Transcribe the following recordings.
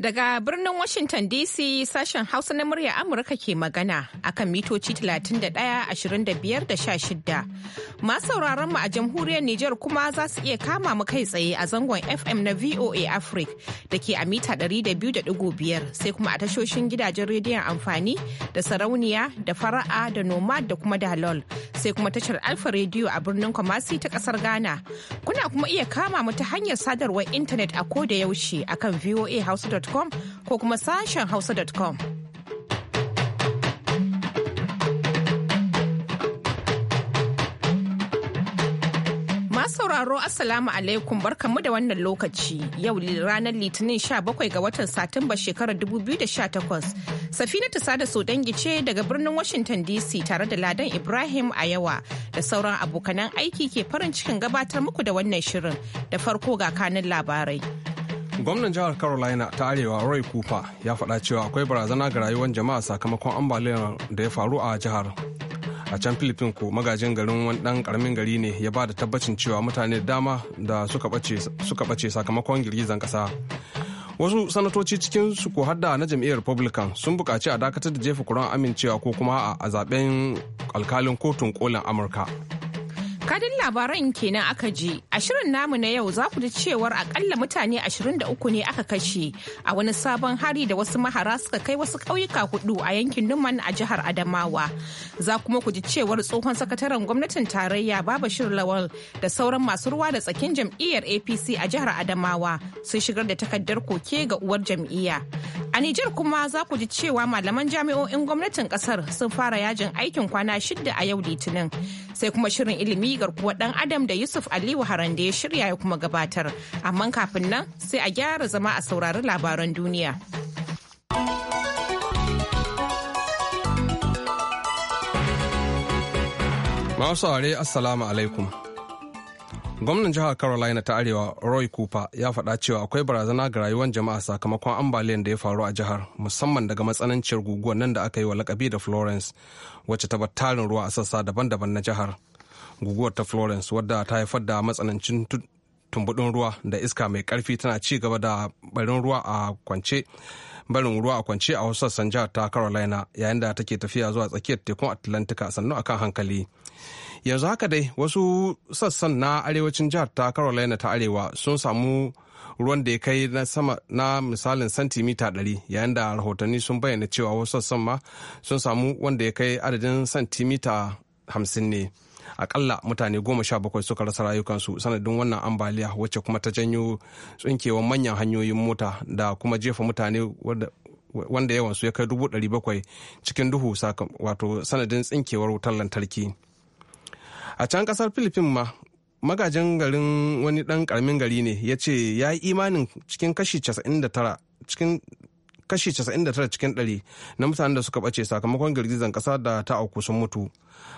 Daga birnin Washington DC sashen Hausa na murya Amurka ke magana akan mitoci 31 25 da 16. Masu sauraron mu a jamhuriyar Nijar kuma za su iya kama mu kai tsaye a zangon FM na VOA Africa da ke a mita 200.5 sai kuma a tashoshin gidajen rediyon amfani da sarauniya da fara'a da nomad da kuma dalol sai kuma tashar Alfa rediyo a birnin Kumasi ta kasar Ghana. Kuna kuma iya kama mu ta hanyar sadarwar intanet a ko da yaushe akan voa House hausa.com ko kuma sashen hausa.com. sauraro Assalamu alaikum barkanmu da wannan lokaci yau ranar litinin 17 ga watan Satumba shekarar 2018. ta Sada dangi ce daga birnin Washington DC tare da Ladan Ibrahim a yawa da sauran abokanan aiki ke farin cikin gabatar muku da wannan shirin da farko ga kanin labarai. gwamnan jihar carolina ta arewa roy cooper ya faɗa cewa akwai barazana ga rayuwar jama'a sakamakon ambaliyar da ya faru a jihar a can philippine ko magajin garin wani dan karamin gari ne ya ba da tabbacin cewa mutane da dama da suka bace sakamakon girgizan kasa wasu sanatoci cikin su ko hadda na jam'iyyar republican sun buƙaci a dakatar da jefa kuran amincewa ko kuma a zaben alkalin kotun kolin amurka Kadin labaran kenan aka ji, a shirin namu na yau za ku ji cewar akalla mutane 23 ne aka kashe a wani sabon hari da wasu mahara suka kai wasu ƙauyuka hudu a yankin Numan a jihar Adamawa. Za kuma ku ji cewar tsohon sakataren gwamnatin tarayya Baba Lawal da sauran masu ruwa da tsakin jam'iyyar APC a jihar Adamawa sun shigar da takardar koke ga uwar jam'iyya. A Nijar kuma za ku ji cewa malaman jami'o'in gwamnatin ƙasar sun fara yajin aikin kwana shidda a yau Litinin. sai kuma shirin ilimi garkuwar dan adam da Yusuf Aliyu Haran da ya shirya ya kuma gabatar. Amma kafin nan sai a gyara zama a saurari labaran duniya. Masu assalamu alaikum. gwamnan jihar carolina ta arewa roy cooper ya faɗa cewa akwai barazana ga rayuwar jama'a sakamakon ambaliyan da ya faru a jihar musamman daga matsananciyar guguwar nan da aka yi wa lakabi da florence wacce ta tarin ruwa a sassa daban-daban na jihar guguwar ta florence wadda ta haifar da matsanancin tumbudin ruwa da iska mai karfi tana ci gaba da barin ruwa a kwance barin ruwa a kwance a wasu sassan jihar ta carolina yayin da take tafiya zuwa tsakiyar tekun atlantika sannu akan hankali yanzu haka dai wasu sassan na arewacin jihar ta carolina ta arewa sun samu ruwan da ya kai na sama na misalin santimita 100 yayin da rahotanni sun bayyana cewa wasu sassan ma sun samu wanda ya kai adadin santimita 50 ne. akalla mutane goma sha bakwai suka rasa rayukansu sanadin wannan ambaliya wacce kuma ta janyo tsinkewar manyan hanyoyin mota da kuma jefa mutane wanda yawansu ya kai dubu ɗari bakwai cikin duhu wato sanadin tsinkewar wutar lantarki a can kasar filifin ma magajin garin wani ɗan ƙaramin gari ne ya ce ya yi imanin cikin kashi 99 cikin kashi 99 cikin 100 na mutanen da suka bace sakamakon girgizan kasa da ta auku sun mutu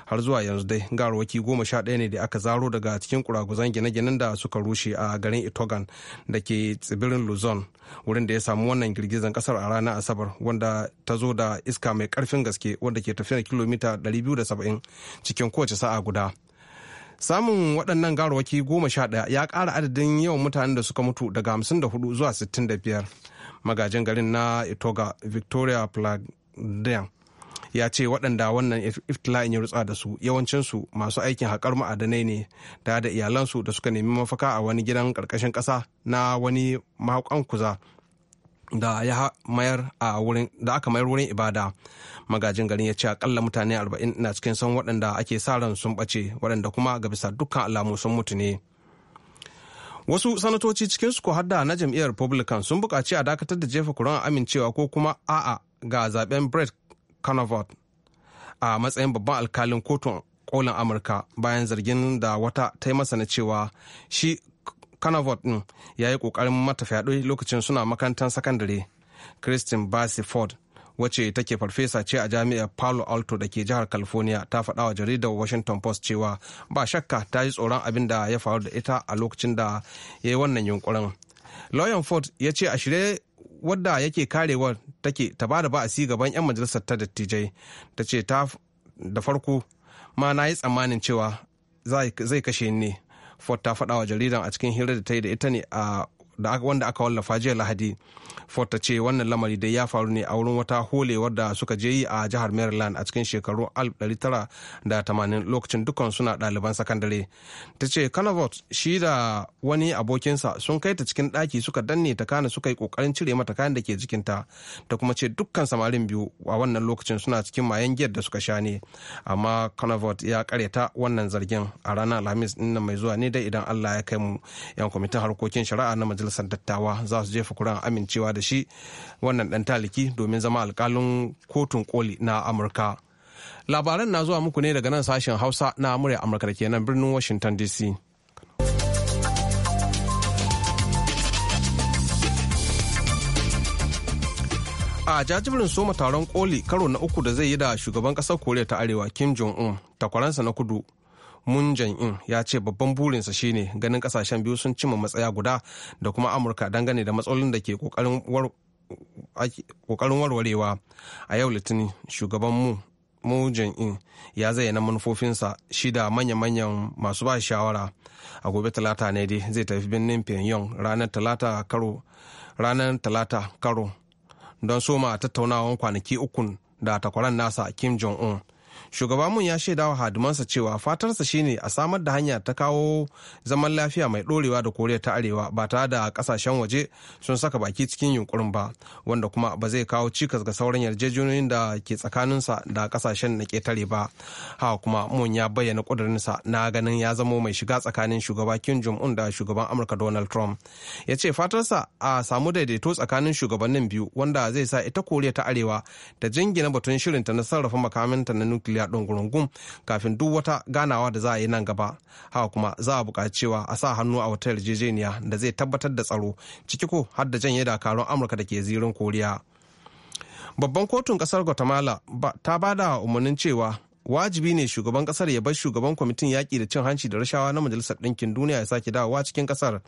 har zuwa yanzu dai garwaki goma sha ɗaya ne da aka zaro daga cikin kuraguzan gine-ginen da suka rushe a garin itogan da ke tsibirin luzon wurin da ya samu wannan girgizan kasar a ranar asabar wanda ta zo da iska mai karfin gaske wanda ke tafiya kilomita 270 cikin kowace sa'a guda samun waɗannan garwaki goma sha ɗaya ya ƙara adadin yawan mutanen da suka mutu daga 54 zuwa 65 magajin garin na itoga victoria plagdian ya ce waɗanda wannan iftila'in ya rutsa da su yawancinsu masu aikin haƙar ma'adanai ne da da iyalansu da suka nemi mafaka a wani gidan ƙarƙashin ƙasa na wani mahaukan kuza da da aka mayar wurin ibada magajin garin ya ce akalla mutane 40 na cikin san waɗanda ake sa ran sun ɓace waɗanda kuma ga bisa dukkan alamu sun mutu ne wasu sanatoci cikinsu ko hadda na jam'iyyar republican sun buƙaci a dakatar da jefa kuran amincewa ko kuma a'a ga zaben brett kavanaugh a matsayin babban alkalin kotun kolin amurka bayan zargin da wata ta yi masa na cewa shi kavanaugh din ya yi ƙoƙarin mata fyaɗe lokacin suna makarantar sakandare christine bassey ford wacce take farfesa ce a jami'ar palo alto da ke jihar california ta faɗa wa jaridar washington post cewa ba shakka ta yi tsoron abin da ya faru da ita a lokacin da ya yi wannan yunkurin lauyan ford ya ce a shirye wadda yake karewar take ta ba da si gaban 'yan majalisar ta dattijai ta ce ta da farko ma na yi tsammanin cewa zai kashe ni ford ta faɗa wa jaridan a cikin hirar da ta yi da ita ne a da wanda aka wallafa jiya lahadi Ford ta ce wannan lamari dai ya faru ne a wurin wata holewar da suka je yi a jihar Maryland a cikin shekaru 1980 lokacin dukkan suna ɗaliban sakandare. Ta ce Canavot shi da wani abokinsa sun kai ta cikin ɗaki suka danne ta kana suka yi ƙoƙarin cire mata kayan da ke jikinta ta kuma ce dukkan samarin biyu a wannan lokacin suna cikin mayan giyar da suka sha ne. Amma Canavot ya karyata wannan zargin a ranar Alhamis ɗin mai zuwa ne dai idan Allah ya kai mu 'yan kwamitin harkokin shari'a na majalisar dattawa za su jefa kuran amincewa da shi wannan ɗan taliki domin zama alkalin kotun koli na amurka labaran na zuwa muku ne daga nan sashen hausa na murya amurka da kenan birnin washington dc a jajibirin soma taron koli karo na uku da zai yi da shugaban ƙasar koriya ta arewa kim jong-un takwaransa na kudu Moon in ya ce babban burinsa shine ganin kasashen biyu sun cimma matsaya guda da kuma Amurka dangane da matsalolin da ke kokarin warwarewa. A yau Litinin shugaban mu Mu in ya zayyana manufofinsa shida manya-manyan masu ba shawara a gobe talata ne dai zai tafi birnin Pyongyang ranar talata karo ranar talata karo don soma tattaunawan kwanaki ukun da takwaran nasa Kim Jong-un shugaba mun ya shaida wa hadimansa cewa fatarsa shine a samar da hanya ta kawo zaman lafiya mai dorewa da koriya ta arewa ba tare da kasashen waje sun saka baki cikin yunkurin ba wanda kuma ba zai kawo cikas ga sauran yarjejeniyoyin da ke tsakaninsa da kasashen na ketare ba haka kuma mun ya bayyana kudurinsa na ganin ya zamo mai shiga tsakanin shugaba kim jong un da shugaban amurka donald trump ya ce fatarsa a samu daidaito tsakanin shugabannin biyu wanda zai sa ita koriya ta arewa ta jingina batun shirinta na sarrafa makamanta na nukiliya nukiliya gurungun kafin duk wata ganawa da za a yi nan gaba haka kuma za a buƙaci cewa a sa hannu a wata yarjejeniya da zai tabbatar da tsaro ciki ko har da janye dakarun amurka da ke zirin koriya babban kotun kasar guatemala ta ba da umarnin cewa wajibi ne shugaban kasar ya bar shugaban kwamitin yaƙi da cin hanci da rashawa na majalisar ɗinkin duniya ya sake dawowa cikin kasar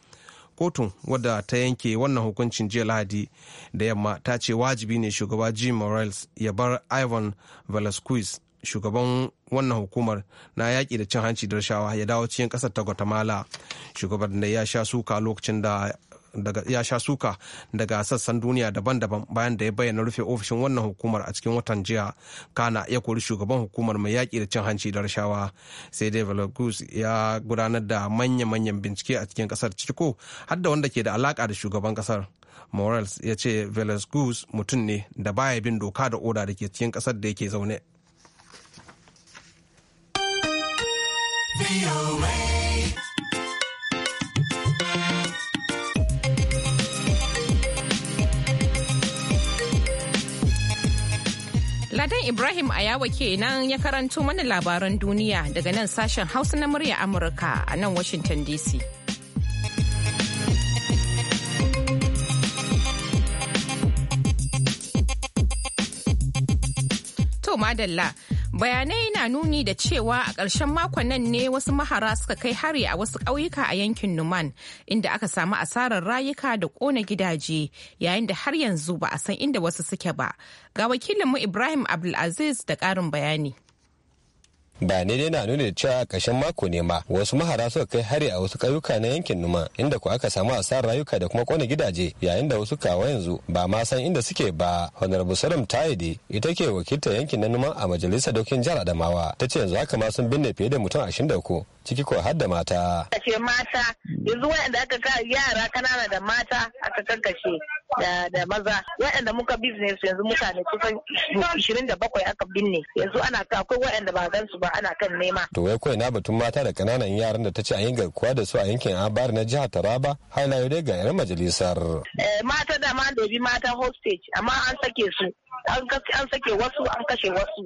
kotun wadda ta yanke wannan hukuncin jiya lahadi da yamma ta ce wajibi ne shugaba jim morales ya bar ivan velasquez shugaban wannan hukumar na yaƙi da cin hanci da rashawa ya dawo cikin ƙasar ta guatemala shugaban da ya sha suka lokacin da daga ya sha suka daga sassan duniya daban-daban bayan da ya bayyana rufe ofishin wannan hukumar a cikin watan jiya kana ya kori shugaban hukumar mai yaƙi da cin hanci da rashawa sai dai velagus ya gudanar da manya-manyan bincike a cikin ƙasar ciko har da wanda ke da alaƙa da shugaban ƙasar morales ya ce velasquez mutum ne da baya bin doka da oda da ke cikin ƙasar da yake zaune Ladan Ibrahim Ayawa kenan ya karanto mana labaran duniya daga nan sashen Hausa na murya Amurka a nan Washington DC. To madalla bayanai na nuni da cewa a ƙarshen makon nan ne wasu mahara suka kai hari a wasu ƙauyuka a yankin numan inda aka samu asarar rayuka da ƙona gidaje yayin da har yanzu ba a san inda wasu suke ba ga wakilinmu ibrahim abdulaziz da ƙarin bayani ne dai na nuna da cewa a ƙarshen mako ne ma wasu mahara suka kai hari a wasu ƙauyuka na yankin numa inda ku aka samu asarar rayuka da kuma kona gidaje yayin da wasu kawo yanzu ba ma san inda suke ba honorable yi dai ita ke wakilta yankin na numa a majalisar dokin jihar adamawa ta ce yanzu haka ma sun binne fiye da mutum ashirin da ku. ciki ko har da mata. Kashe mata yanzu waɗanda aka ka yara kanana da mata aka kankashe da maza waɗanda muka business yanzu mutane kusan ishirin da bakwai aka binne yanzu ana ka akwai waɗanda ba gan su ba ana kan nema. To wai kawai na batun mata da kananan yaran da ta ce a yi garkuwa da su a yankin Abar na jihar Taraba har na dai ga 'yan majalisar. Eh, mata da ma dobi mata hostage amma an sake su an sake wasu an kashe wasu.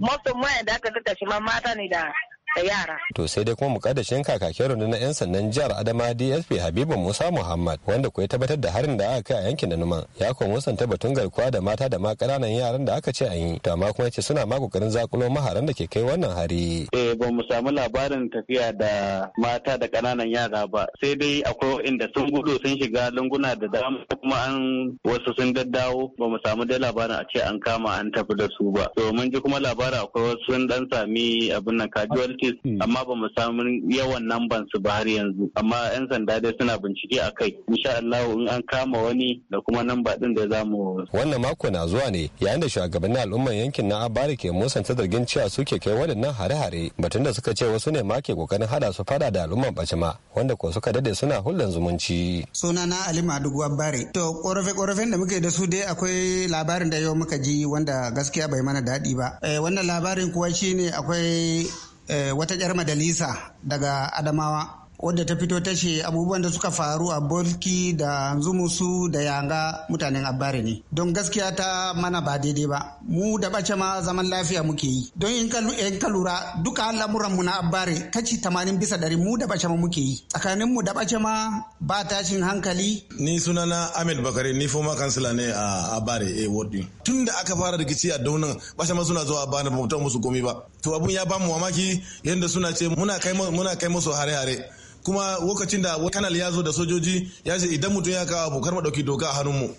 Most mayan da aka kakashe ma mata ne da da yara. To sai dai kuma mukaddashin kakakin rundunar 'yan sandan jihar Adama DSP Habibu Musa Muhammad wanda kuwa tabbatar da harin da aka kai a yankin da numan ya kuma musanta batun garkuwa da mata da ma ƙananan yaran da aka ce an yi. To amma kuma ce suna ma kokarin zakulo maharan da ke kai wannan hari. Eh ba mu samu labarin tafiya da mata da ƙananan yara ba sai dai akwai inda sun gudu sun shiga lunguna da dama kuma an wasu sun daddawo ba mu samu dai labarin a ce an kama an tafi da su ba. To mun ji kuma labarin akwai wasu sun dan sami abin nan casualty cases hmm. amma ba mu samu yawan namban su ba har yanzu amma yan sanda dai suna bincike a kai insha Allah in an kama wani da kuma namba din da zamu wannan mako na zuwa ne yayin da shugabannin al'umman yankin na Abari ke musanta zargin cewa suke kai waɗannan hare-hare batun da suka ce wasu ne ma ke kokarin hada su fada da al'umman Bacima wanda ko suka dade suna hulɗan zumunci na Ali Madugu Abare to korafe-korafen da muke da su dai akwai labarin da yau muka ji wanda gaskiya bai mana daɗi ba eh, wannan labarin kuwa shine akwai Eh, wata 'yar majalisa daga Adamawa wadda ta fito ta ce abubuwan da suka faru a bolki da Zumusu da Yanga mutanen Abare ne. Don gaskiya ta mana ba daidai ba. Mu da bace ma zaman lafiya muke yi. Don in ka lura duka lamuran mu na Abare kaci tamanin bisa dari mu da bace ma muke yi. Tsakanin mu da bace ma ba tashin hankali. Ni sunana Ahmed Bakari ni foma kansila ne a Abare A eh, Ward. Tun da aka fara rikici a daunan bace ma suna zuwa Abare ba mutum musu komi ba. To abun ya bamu mamaki yadda suna ce muna kai musu hare-hare. kuma lokacin da kanal ya zo da sojoji ya ce idan mutum ya kawo abokar madauki doka a hannunmu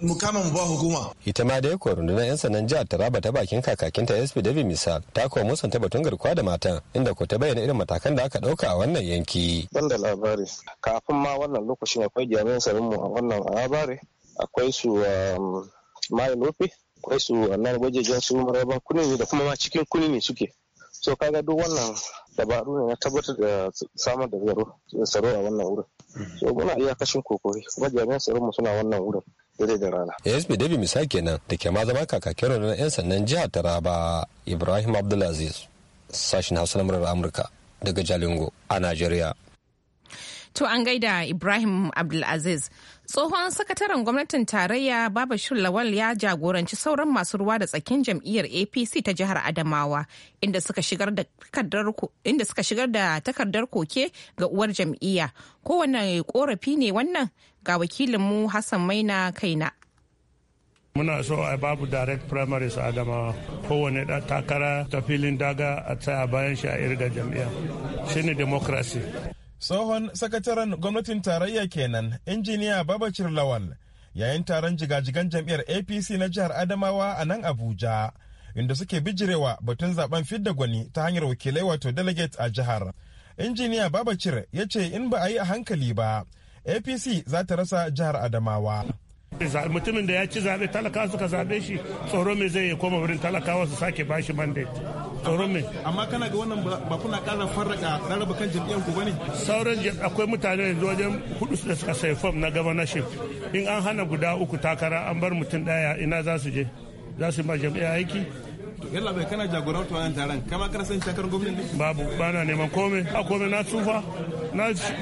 mu kama mu ba hukuma. Ita ma dai kuwa rundunar 'yan sannan jihar Taraba ta bakin kakakinta SP David Misal ta kuwa musan ta batun garkuwa da matan inda ko ta bayyana irin matakan da aka ɗauka a wannan yanki. Ban da labari kafin ma wannan lokacin akwai jami'an tsaron mu a wannan labari akwai su um, Mayo lofi akwai su nan gwajejen su Maraban Kunini da kuma ma cikin Kunini suke. so kaga duk wannan dabaru ne na tabbatar da samar da tsaro tsaro a wannan wurin so muna kashin kokori kuma jami'an tsaron mu suna wannan wurin dare da rana ASP Dabi Misa kenan da ke ma zama kakakin na 'yan sannan jihar Taraba Ibrahim Abdulaziz sashin Hausa na murar Amurka daga Jalingo a Najeriya to an gaida Ibrahim Abdulaziz Tsohon sakataren gwamnatin tarayya Baba Lawal ya jagoranci sauran masu ruwa da tsakin jam'iyyar APC ta jihar Adamawa inda suka shigar da takardar koke ga uwar jam'iyya. Kowane korafi ne wannan ga wakilinmu Hassan Maina kaina. muna so a babu direct primaries a adamawa kowane takara ta filin daga a tsaya bayan shi a irga jam'iyya shine democracy tsohon sakataren gwamnatin tarayya kenan injiniya babacir lawal yayin taron jigajigan jam'iyyar apc na jihar adamawa a nan abuja inda suke bijirewa batun zaben fidda gwani ta hanyar wakilai wato delegate a jihar injiniya babacir ya ce in ba a yi a hankali ba apc za ta rasa jihar adamawa mutumin da ya ci zaɓe talaka suka zaɓe shi tsoro mai zai koma wurin talakawa su sake bashi mandate tsoron ne amma kana ga wannan ba kuna ƙara farraka rarraba kan jam'iyyar ku bane sauran akwai mutane yanzu wajen hudu da suka sai fom na governorship in an hana guda uku takara an bar mutum daya ina za su je za su ma jam'iyya aiki to yalla bai kana jagoranta wannan taron kama kana san shakar gwamnati ne babu bana neman komai a komai na tsufa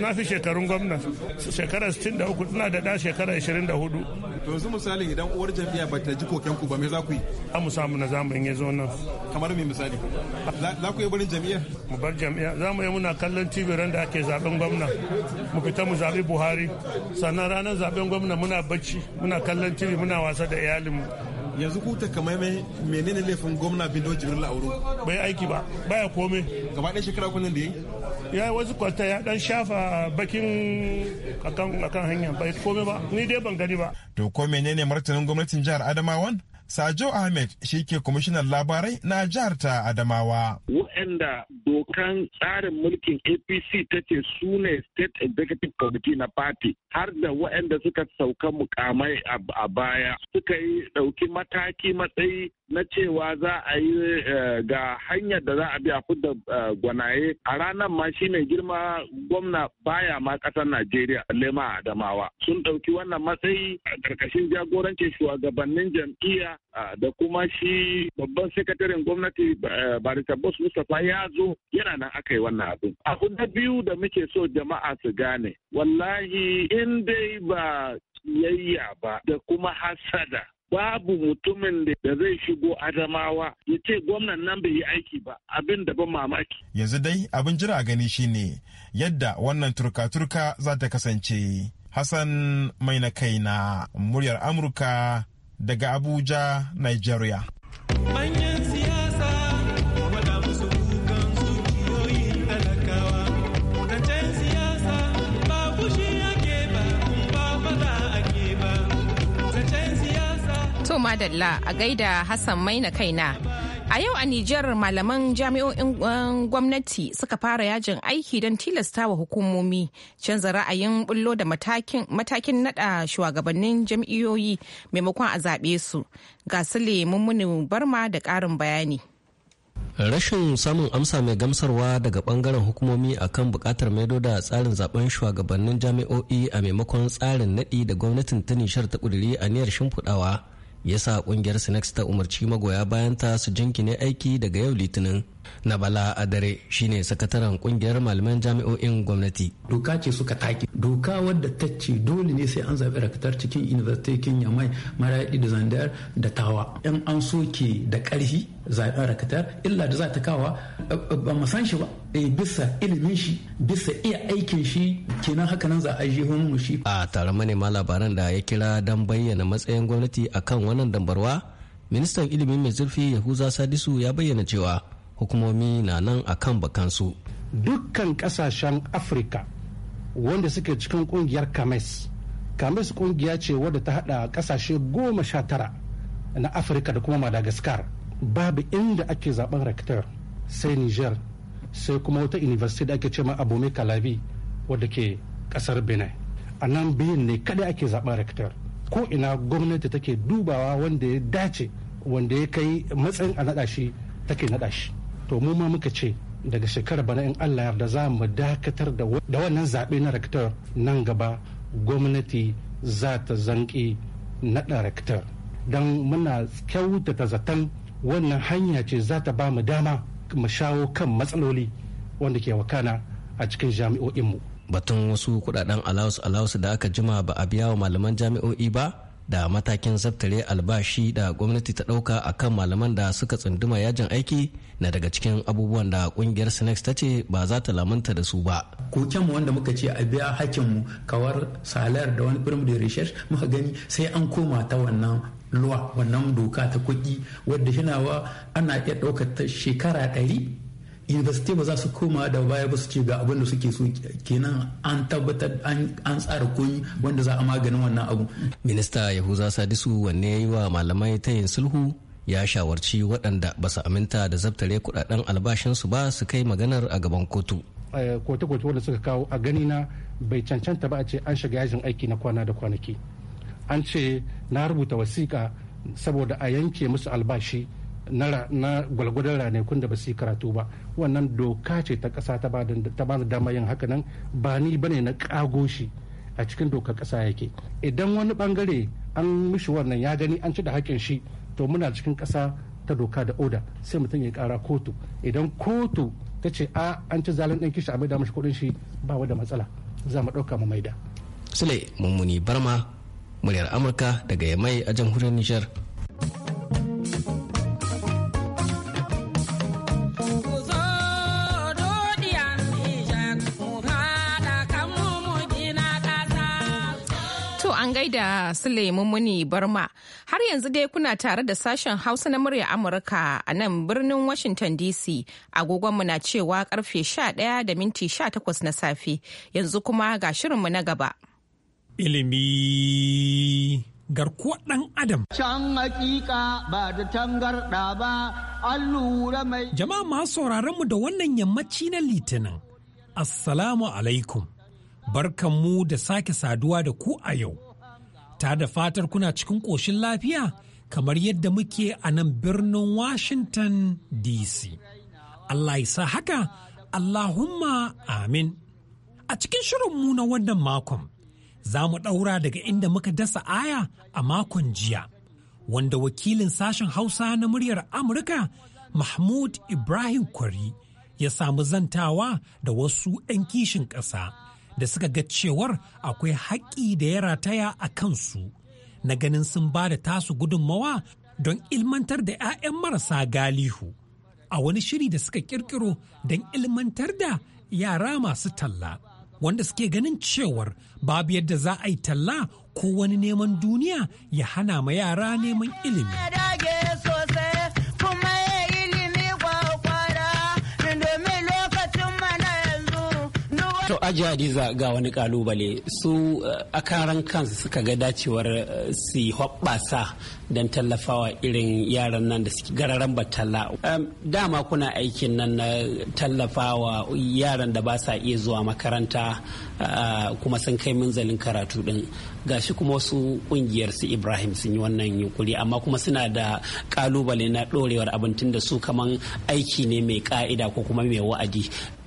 na fi shekarun gwamna shekara 63 ina da da shekara 24 to yanzu misali idan uwar jami'a ba ta ji koken ku ba me za ku yi a mu samu na zamu in zo nan kamar me misali za ku yi barin jami'a mu bar jami'a za mu yi muna kallon tv ran da ake zaben gwamna mu fita mu zabi buhari sannan ranar zaben gwamna muna bacci muna kallon tv muna wasa da iyalin mu. yanzu ku mai menene laifin gwamna bindo jibril a wurin bai aiki ba baya kome gaba ɗaya shekara kuna da yi ya wasu kwata ya dan shafa bakin akan hanya bai kome ba ni dai ban gani ba to ko menene martanin gwamnatin jihar adamawan Sajo Ahmed shi ke kwamishinan labarai na jihar ta Adamawa. Waɗanda dokan tsarin mulkin APC ta ce su ne State Executive Committee na party har da waɗanda suka sauka mukamai a baya suka yi ɗauki mataki matsayi na cewa za a yi eh, ga hanyar da za a bi a fudda eh, gwanaye a ranar ma shi mai girma gwamna baya ma ƙasar Najeriya lema Adamawa sun ɗauki wannan matsayi a ƙarƙashin jagorancin shugabannin jam'iyya eh, da kuma shi babban sakataren gwamnati Barista Bos Mustapha ya zo yana nan aka yi wannan abin. Abu na biyu da muke so jama'a su gane wallahi in dai ba yayya ba da kuma hasada babu mutumin da zai shigo adamawa ya ce gwamnan nan bai yi aiki ba abin da ban mamaki. Yanzu dai abin jira a gani shine yadda wannan turka-turka za ta kasance. Hassan mai na kai na muryar Amurka daga Abuja, Nigeria. Manyansi. Dalla a gaida Hassan Maina kaina. A yau a Nijar malaman jami'o'in gwamnati suka fara yajin aiki don tilasta wa hukumomi canza ra'ayin bullo da matakin nada shugabannin jami'oyi maimakon a zaɓe su. Ga Sule mummuni barma da ƙarin bayani. rashin samun amsa mai gamsarwa daga bangaren hukumomi a kan bukatar maido da tsarin zaben shugabannin jami'o'i a maimakon tsarin naɗi da gwamnatin ta nishar ta a niyar shimfudawa. ya sa kungiyar sinex ta umarci magoya bayan ta su jinkine aiki daga yau litinin na bala a dare shine sakataren kungiyar malaman jami'o'in gwamnati doka ce suka take doka wadda ta ce dole ne sai an zaɓi rakatar cikin university yamai maraɗi da zandar da tawa in an soke da ƙarfi zaɓen rakatar illa da za ta kawa eh, ba mu san shi ba eh, bisa ilimin shi bisa iya aikin shi kenan haka nan za a je mu shi a taron manema labaran da ya kira don bayyana matsayin gwamnati akan wannan dambarwa ministan ilimin mai zurfi yahuza sadisu ya bayyana cewa hukumomi na nan a kan bakansu dukkan kasashen afirka wanda suke cikin kungiyar kames kames kungiya ce wadda ta hada kasashe goma sha tara na afirka da kuma madagascar babu inda ake zaben rektor sai niger sai kuma wata university da ake ce ma abome kalabi wadda ke kasar benin a nan biyun ne kada ake zaben rektor ko ina gwamnati take dubawa wanda ya dace wanda ya kai matsayin a naɗa shi take naɗa shi to mu ma muka ce daga shekarar bana in allah yarda za mu dakatar da wannan zaɓe na rektor nan gaba gwamnati za ta zanki naɗa rektor don muna kyautata zaton wannan hanya ce za ta ba mu dama mu shawo kan matsaloli wanda ke wakana a cikin jami'o'inmu batun wasu kudaden alawus alawus da aka jima ba a biya wa malaman jami'o'i ba da matakin zaftare albashi da gwamnati ta ɗauka a kan malaman da suka tsunduma yajin aiki na daga cikin abubuwan da kungiyar sinex ta ce ba za ta lamunta da su ba. kokenmu wanda muka ce a biya hakinmu kawar salar da wani firm da research muka gani sai an koma ta wannan luwa wannan doka ta kuɗi wadda hinawa ana iya ɗaukar shekara ɗari university ba za su koma da baya ba su ce ga abin da suke so kenan an tabbatar an tsara kunyi wanda za a maganin wannan abu minista yahuza sadisu wanne ya yi wa malamai tayin sulhu ya shawarci waɗanda ba su aminta da zabtare kudaden albashinsu ba su kai maganar a gaban kotu kotu eh, kotu wanda suka kawo a gani na bai cancanta ba a ce an shiga yajin aiki na kwana da kwanaki an ce na rubuta wasiƙa saboda a yanke musu albashi na gwalgwadon ranakun da ba su yi karatu ba wannan doka ce ta kasa ta ba da dama yin haka nan ba ni bane na kagoshi a cikin dokar kasa yake idan wani bangare an mishi wannan ya gani an ci da hakkin shi to muna cikin kasa ta doka da oda sai mutum ya kara kotu idan kotu ta ce a an ci zalin ɗan kishi a maida mashi kuɗin shi ba wa da matsala za mu ɗauka mu maida. Sule Mummuni Barma, muryar Amurka daga Yamai a jamhuriyar Nijar. da Suleiman muni Barma. Har yanzu dai kuna tare da sashen Hausa na murya Amurka a nan birnin Washington DC. Agogonmu na cewa karfe 11 da minti 18 na safe. Yanzu kuma ga shirinmu na gaba. Ilimi garkuwar ɗan Adam. Can hakika ba da tangarɗa ba, an lura mai. Jama'a masu sauraron mu da wannan yammaci na Litinin. Assalamu alaikum. Barkanmu da sake saduwa da ku a yau. ta da fatar kuna cikin ƙoshin lafiya kamar yadda muke a nan birnin Washington DC. Allah ya sa haka, Allahumma amin. A cikin shirinmu na wannan makon, za mu ɗaura daga inda muka dasa aya a makon jiya, wanda wakilin sashen Hausa na muryar Amurka, Mahmud Ibrahim Kwari, ya samu zantawa da wasu 'yan kishin ƙasa. da suka ga cewar akwai haƙƙi da ya rataya a kansu na ganin sun ba da tasu gudunmawa don ilmantar da 'ya'yan marasa galihu a wani shiri da suka ƙirƙiro don ilmantar da yara masu talla wanda suke ganin cewar babu yadda za a yi talla ko wani neman duniya ya hana ma yara neman ilimi. to aji hadiza ga wani kalubale su eh, a karan kansu suka ga dacewar eh, su hoɓɓasa don tallafawa irin yaran nan da suke gararan batalla dama kuna aikin nan na tallafawa yaran da ba sa iya zuwa makaranta eh, kuma sun kai minzalin karatu din gashi kuma wasu kungiyar su ibrahim sun yi wannan yunkuri amma kuma suna da kalubale na dorewar abincin da su kaman aiki ne mai ka'ida ko kuma mai wa'adi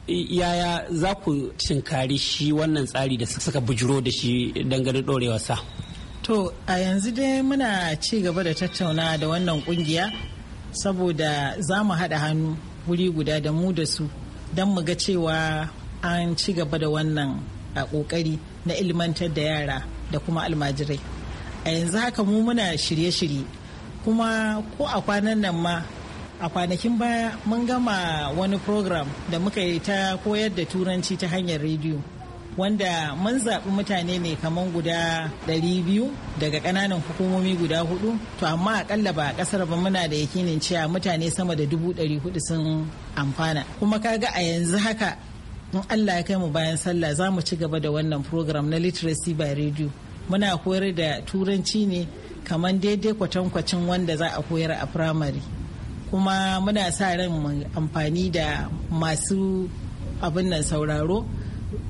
yaya za ku cinkari shi wannan tsari da suka bujiro da shi dangane ɗorewa sa to a yanzu dai muna ci gaba da tattauna da wannan kungiya saboda za mu haɗa hannu wuri guda da mu da su don mu ga cewa an ci gaba da wannan a ƙoƙari na ilmantar da yara da kuma almajirai a yanzu haka mu muna shirye-shirye kuma ko a kwanan nan ma a kwanakin baya mun gama wani program da muka yi ta koyar da turanci ta hanyar rediyo wanda mun zaɓi mutane ne kaman guda 200 daga ƙananan hukumomi guda hudu to amma akalla ba a ƙasar ba muna da yakinin cewa mutane sama da 400 sun amfana kuma kaga a yanzu haka in allah ya kai mu bayan sallah za mu ci gaba da wannan program na literacy by radio muna koyar da turanci ne kaman daidai kwatankwacin wanda za a koyar a firamare. kuma muna sa ran amfani da masu abin nan sauraro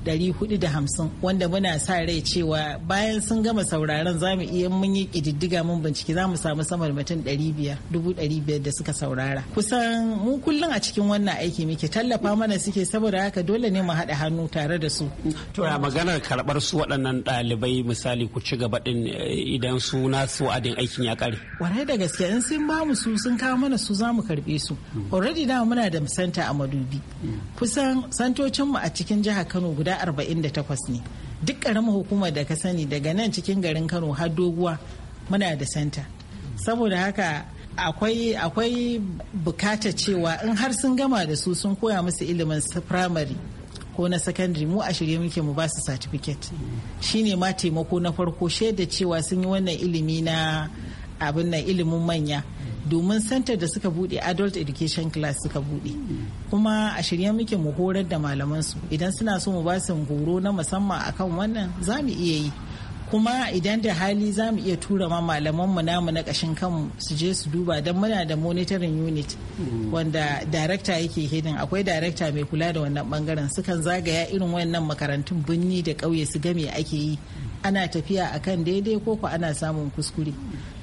450 wanda muna sa rai cewa bayan sun gama sauraron za mu iya mun yi ƙididdiga mun bincike za mu samu sama da mutum 500 da suka saurara kusan mu kullum a cikin wannan aiki muke tallafa mana suke saboda haka dole ne mu haɗa hannu tare da su to ya maganar karɓar su waɗannan ɗalibai misali ku ci gaba ɗin eh, idan su na su adin aikin ya ƙare warai da gaske in sun ba mu su sun kawo mana su za mu karɓe su hmm. already da muna da santa a madubi hmm. kusan santocinmu a cikin jihar kano guda 48 ne duk karamin hukumar da ka sani daga nan cikin garin kano har doguwa muna da santa saboda haka akwai bukata cewa in har sun gama da su sun koya musu ilimin primary ko na secondary mu a shirye muke mu ba su certificate shine ma taimako na farko shaida cewa sun yi wannan ilimi na abin nan ilimin manya domin santar da suka bude adult education class suka bude kuma a shirye muke mu horar da malaman su idan suna so mu ba su horo na musamman akan wannan za mu iya yi kuma idan da hali za mu iya tura ma malamanmu namu na kashin kanmu su je su duba don muna da monitoring unit wanda director yake hidin akwai director mai kula da wannan bangaren sukan zagaya irin wannan makarantun birni da ƙauye su game ake yi ana tafiya a kan daidai ko ko ana samun kuskure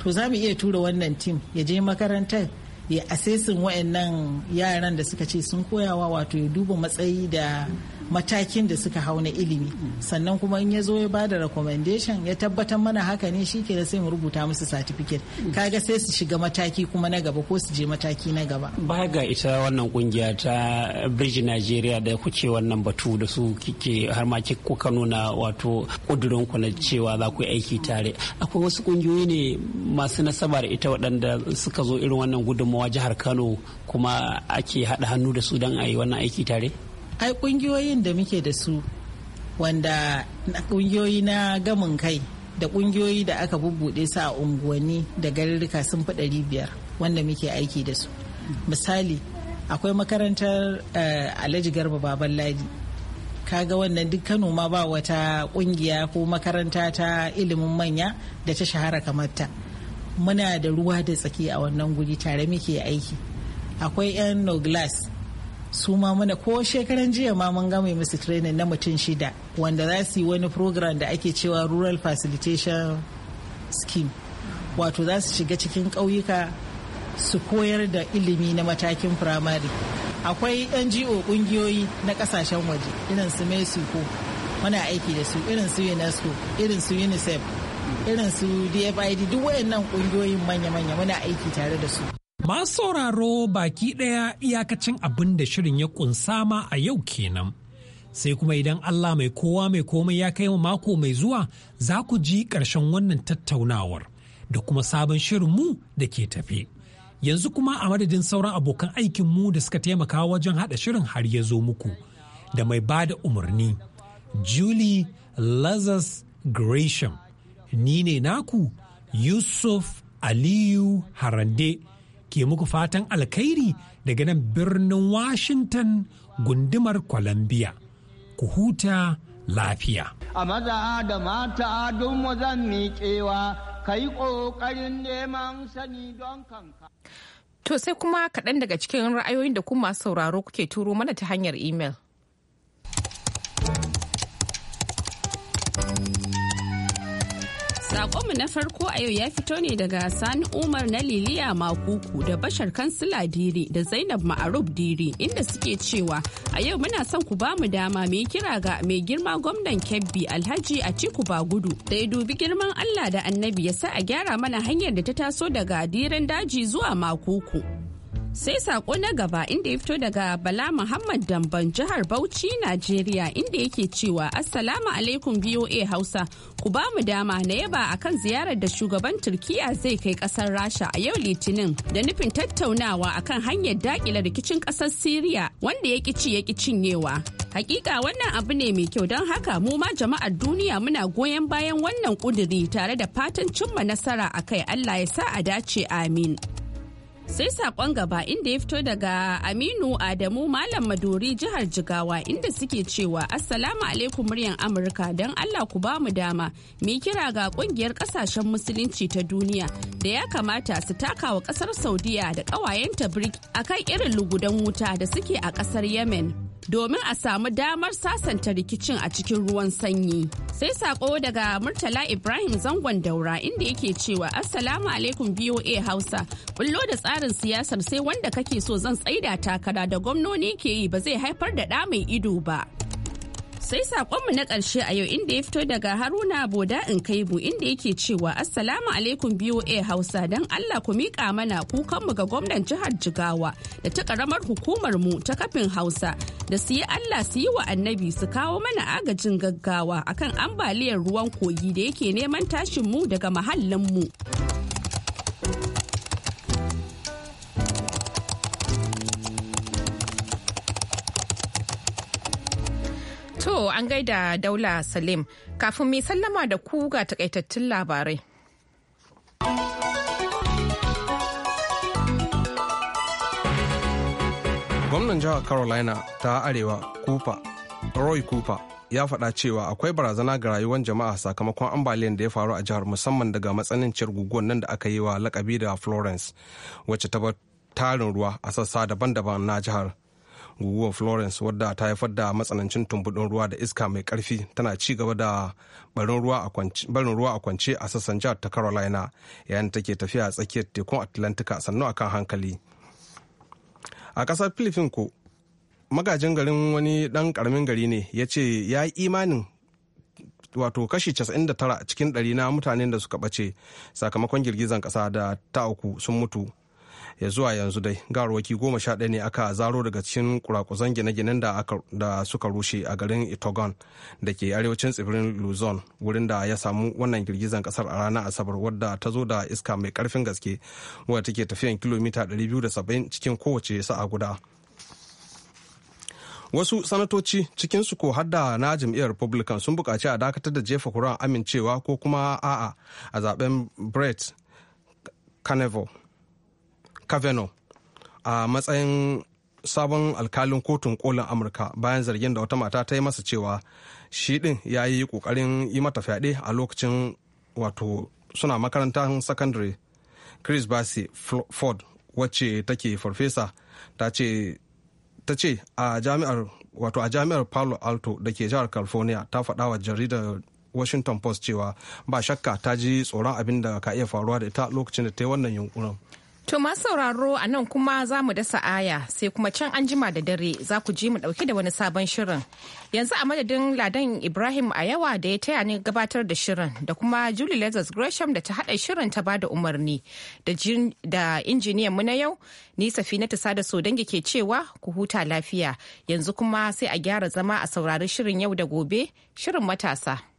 to za mu iya tura wannan tim ya je makarantar ya asesin wayannan yaran da suka ce sun koyawa wato ya duba matsayi da matakin da suka hau na ilimi sannan kuma in ya zo ya bada recommendation ya tabbatar mana haka ne shi ke sai mu rubuta musu certificate kaga sai su shiga mataki kuma na gaba ko su je mataki na gaba baya ga ita wannan kungiya ta bridge nigeria da kuke wannan batu da su kike har ma kuka nuna wato kudurin ku na cewa za ku aiki tare akwai wasu kungiyoyi ne masu nasaba da ita waɗanda suka zo irin wannan gudunmawa jihar kano kuma ake haɗa hannu da su don a yi wannan aiki tare ai kungiyoyin da muke da su wanda kungiyoyi na gamin kai da kungiyoyi da aka bubbuɗe su a unguwanni da garirrika sun fi ɗari biyar wanda muke aiki da su misali akwai makarantar eh, alhaji garba baban ladi kaga wannan duk kano ma ba wata kungiya ko makaranta ta ilimin manya da ta shahara kamar ta muna da ruwa da tsaki a wannan guri tare muke aiki akwai yan no glass su ma mana ko shekaran jiya ma mun gama musu training na mutum shida wanda za su yi wani program da ake cewa rural facilitation scheme wato za su shiga cikin ƙauyuka su koyar da ilimi na matakin firamare akwai ngo ƙungiyoyi na ƙasashen waje irin su mexico muna aiki da su irin su unesco irin su unicef irin su dfid duk wayannan ƙungiyoyin manya-manya muna aiki tare da su Masu sauraro baki ɗaya iyakacin abin da shirin ya ƙunsa ma a yau kenan. Sai kuma idan Allah mai kowa mai komai ya kai mako mai zuwa za ku ji ƙarshen wannan tattaunawar da kuma sabon shirinmu da ke tafe. Yanzu kuma a madadin sauran abokan aikinmu da suka taimaka wajen haɗa shirin har ya zo muku da mai ba da umarni. Julie Lazarus Gresham, ni ne naku Yusuf Aliyu Harande. ke muku fatan alkhairi daga nan birnin Washington gundumar Columbia. Ku huta lafiya. A maza da mata don zan miƙewa, ka yi ƙoƙarin neman sani don kanka. To sai kuma kaɗan daga cikin ra'ayoyin da kuma sauraro kuke turo mana ta hanyar imel. Sakonmu na farko a yau ya fito ne daga Sani Umar na Liliya Makuku da Bashar Kansila Diri da Zainab Ma'aruf Diri inda suke cewa a yau muna son ku bamu dama mai kira ga mai girma gwamnan Kebbi Alhaji Atiku Bagudu da ya dubi girman Allah da Annabi ya sa a gyara mana hanyar da ta taso daga diren daji zuwa Makuku. Sai sako na gaba inda ya fito daga Bala Muhammad Damban jihar Bauchi, Najeriya inda yake cewa Assalamu alaikum VOA Hausa. Ku ba mu dama na yaba akan ziyarar da shugaban Turkiya zai kai kasar Rasha a yau Litinin da nufin tattaunawa akan hanyar dakila rikicin kasar Siriya wanda ya ci ya cinyewa. Hakika wannan abu ne mai kyau don haka mu ma jama'ar duniya muna goyon bayan wannan kuduri tare da fatan cimma nasara akai Allah ya sa a dace amin. sai sakon gaba inda ya fito daga aminu adamu malam maduri jihar jigawa inda suke cewa assalamu alaikum muryan amurka don allah ku ba mu dama mu kira ga kungiyar kasashen musulunci ta duniya da ya kamata su taka wa kasar saudiya da kawayenta a akan irin lugudan wuta da suke a kasar yemen domin a samu damar sasanta rikicin a cikin ruwan sanyi. Sai sako daga Murtala Ibrahim zangon daura inda yake cewa Assalamu alaikum BOA Hausa. Bullo da tsarin siyasar sai wanda kake so zan tsaida takara da gwamnoni ke yi ba zai haifar da ɗa mai ido ba. Sai saƙonmu na ƙarshe a yau inda ya fito daga Haruna Boda in kai bu inda yake cewa Assalamu alaikum BOA Hausa don Allah ku miƙa mana kukanmu ga gwamnan jihar Jigawa da ta ƙaramar hukumar mu ta kafin Hausa da su yi Allah su yi wa annabi su kawo mana agajin gaggawa akan ambaliyar ruwan kogi da yake neman tashin mu daga mahallin mu. To an gaida Daula Salim kafin mai sallama da ku ga takaitattun labarai. Gwamnan jihar Carolina ta Arewa Cooper, Roy Cooper ya faɗa cewa akwai barazana ga rayuwar jama'a sakamakon ambaliyar da ya faru a jihar musamman daga matsananciyar guguwar nan da aka yi wa lakabi da Florence wacce ta bar tarin ruwa a sassa daban-daban na jihar guguwar florence wadda ta haifar da matsanancin tumbudin ruwa da iska mai karfi tana ci gaba da barin ruwa a kwance a sassan jihar ta carolina yayin da take tafiya a tsakiyar tekun atlantika sannu akan hankali a kasar filifin ko magajin garin wani dan karamin gari ne ya ce ya yi imanin wato kashi 99 cikin ɗari na mutanen da suka bace sakamakon girgizan ƙasa da ta uku sun mutu ya zuwa yanzu dai garwaki goma sha ɗaya ne aka zaro daga cikin kurakuzan gine-ginen da suka rushe a garin itogon da ke arewacin tsibirin luzon wurin da ya samu wannan girgizan kasar a ranar asabar wadda ta zo da iska mai karfin gaske wadda take tafiyan kilomita da 270 cikin kowace sa'a guda wasu sanatoci cikinsu ko hadda na jam'iyyar republican sun buƙaci a dakatar da jefa kuran amincewa ko kuma a'a a zaben brett carnival kavanaugh a matsayin sabon alkalin kotun kolin amurka bayan zargin da wata mata ta yi masa cewa shi din ya yi kokarin yi mata fyaɗe a lokacin wato suna makarantar secondary chris bassey ford wacce take farfesa ta ce a jami'ar wato a jami'ar palo alto da ke jihar california ta faɗa wa jaridar washington post cewa ba shakka ta ji tsoron abin da ka iya faruwa da ita lokacin da ta yi wannan yunkurin To masu sauraro a nan kuma za mu dasa aya sai kuma can an jima da dare za ku ji mu dauke da wani sabon shirin. Yanzu a madadin Ladan Ibrahim a yawa da ya taya ni gabatar da shirin da kuma Julie Lazarus Gresham da ta haɗa shirin ta ba da umarni da injiniyan mu na yau ni Safina ta sada so dangi ke cewa ku huta lafiya yanzu kuma sai a gyara zama a saurari shirin yau da gobe shirin matasa.